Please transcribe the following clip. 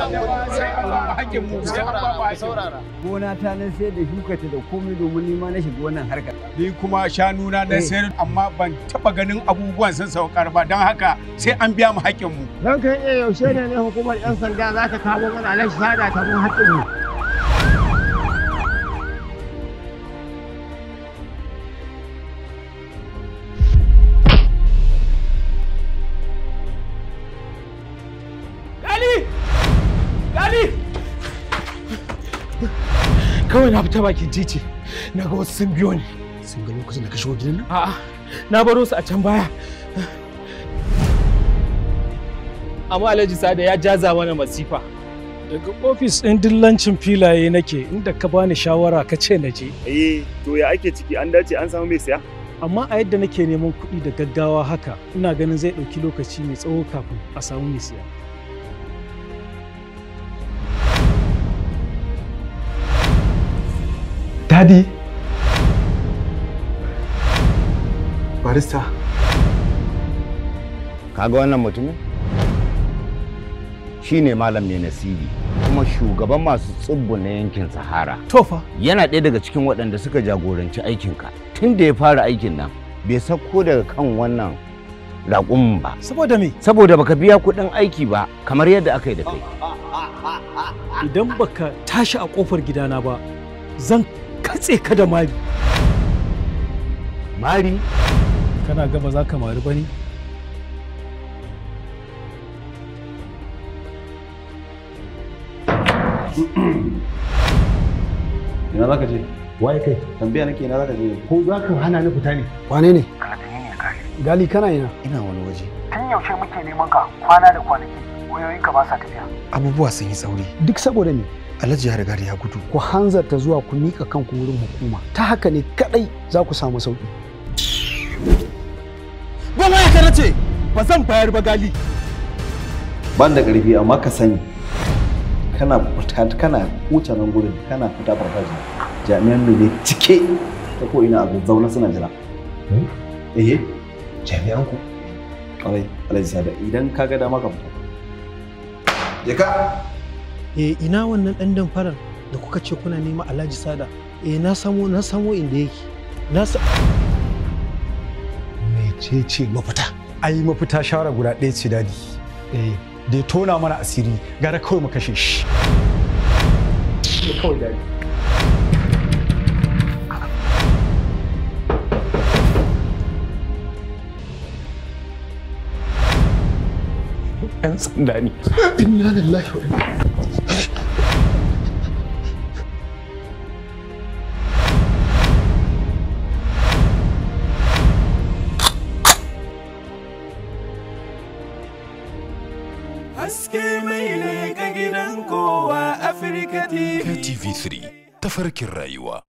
gona ta na sai da shuka ta da komai domin nima na shiga wannan harkar ni kuma shanu na na amma ban taba ganin abubuwan sun saukar ba don haka sai an biya mu haƙƙin mu don kai eh, yaushe ne ne hukumar yan sanda za ta kawo mana alashi sada ta mun haƙƙin mu kawai na fita bakin titi na ga wasu sun biyo ni sun gano kusa da ka shigo gidan nan a'a na baro su a can baya amma alhaji sada ya jaza mana masifa daga ofis ɗin dillancin filaye nake inda ka bani shawara ka ce na je eh to ya ake ciki an dace an samu mai siya. amma a yadda nake neman kuɗi da gaggawa haka ina ganin zai ɗauki lokaci mai tsawo kafin a samu mai siya. Daddy. Barista. Kaga wannan mutumin? Shi ne Malam na nasibi kuma shugaban masu tsubbu na yankin Sahara. Tofa. Yana ɗaya daga cikin waɗanda suka jagoranci aikinka. Tun da ya fara aikin nan, bai sako daga kan wannan raƙumin ba. Saboda me? Saboda baka biya kuɗin aiki ba kamar yadda aka yi da kai. Idan baka tashi a ƙofar gidana ba, zan katse ka da mari mari kana gaba za ka mari ba ne ina za ka je waye kai tambaya nake ina za ka je ko za ka hana ni fita ne wane ne gali kana ina ina wani waje tun yaushe muke neman ka kwana da kwanaki wayoyinka ba sa tafiya abubuwa sun yi tsauri duk saboda ne alhaji ya riga ya gudu ku hanzarta zuwa ku mika kanku wurin hukuma ta haka ne kadai za ku samu sauki ban waya kana ce ba zan bayar ba gali ban da karfi amma ka sani kana fita kana huce nan gurin kana fita farfaji jami'an ne cike ta ko ina abu zauna suna jira hmm? eh jami'an ku kwarai alhaji sada idan ka ga dama ka fita je ka eh ina wannan dan damfarar da kuka ce kuna nema Alhaji Sada eh na samo na samo inda yake na sa mecece mafita ai mafita shara guda ɗaya ce dadi eh da ya tona mana asiri gara kawai mu kashe shi kawai dadi ان سنداني انا لله وانا كاتي في ثري تفرك الرايوه